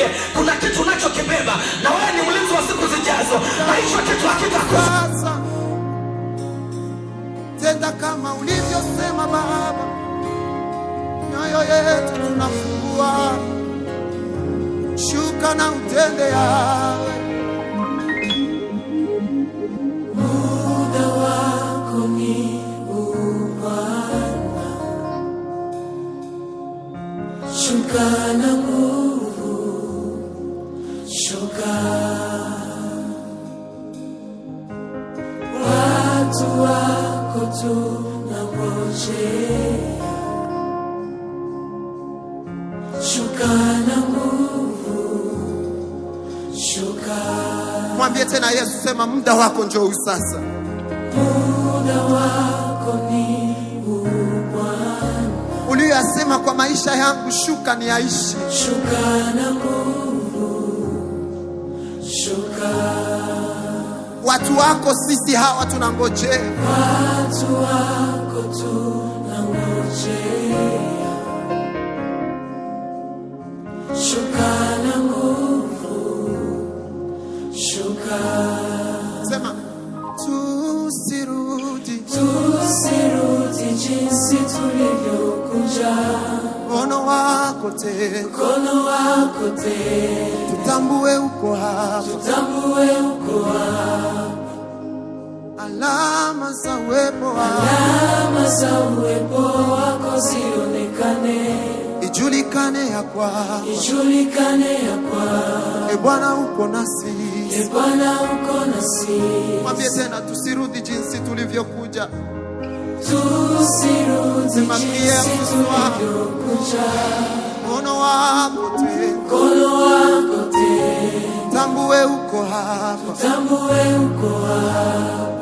nikwambie, kuna kitu unachokibeba na wewe ni mlinzi wa siku zijazo, na hicho kitu hakitakosa. Tenda kama ulivyosema Baba, nyoyo yetu tunafungua, shuka na utende yawe Shuka na kuchoka. Watu wako tunangojea, shuka na nguvu, shuka. Mwambie tena Yesu, sema muda wako njoo sasa, muda wako ni uliyoyasema kwa maisha yangu, shuka niaishi, shuka watu wako sisi hawa tunangojea, watu wako tunangojea. wako te, mkono wako te, tutambue uko hapa, tutambue uko hapa, alama za uwepo wako, alama za uwepo wako zionekane Ijulikane ya kwa, ijulikane ya kwa. E Bwana uko nasi, e Bwana uko nasi. Mwambie tena tusirudi jinsi tulivyokuja, tusirudi jinsi tulivyokuja mkono wako tena, tambue uko hapa, tambue uko hapa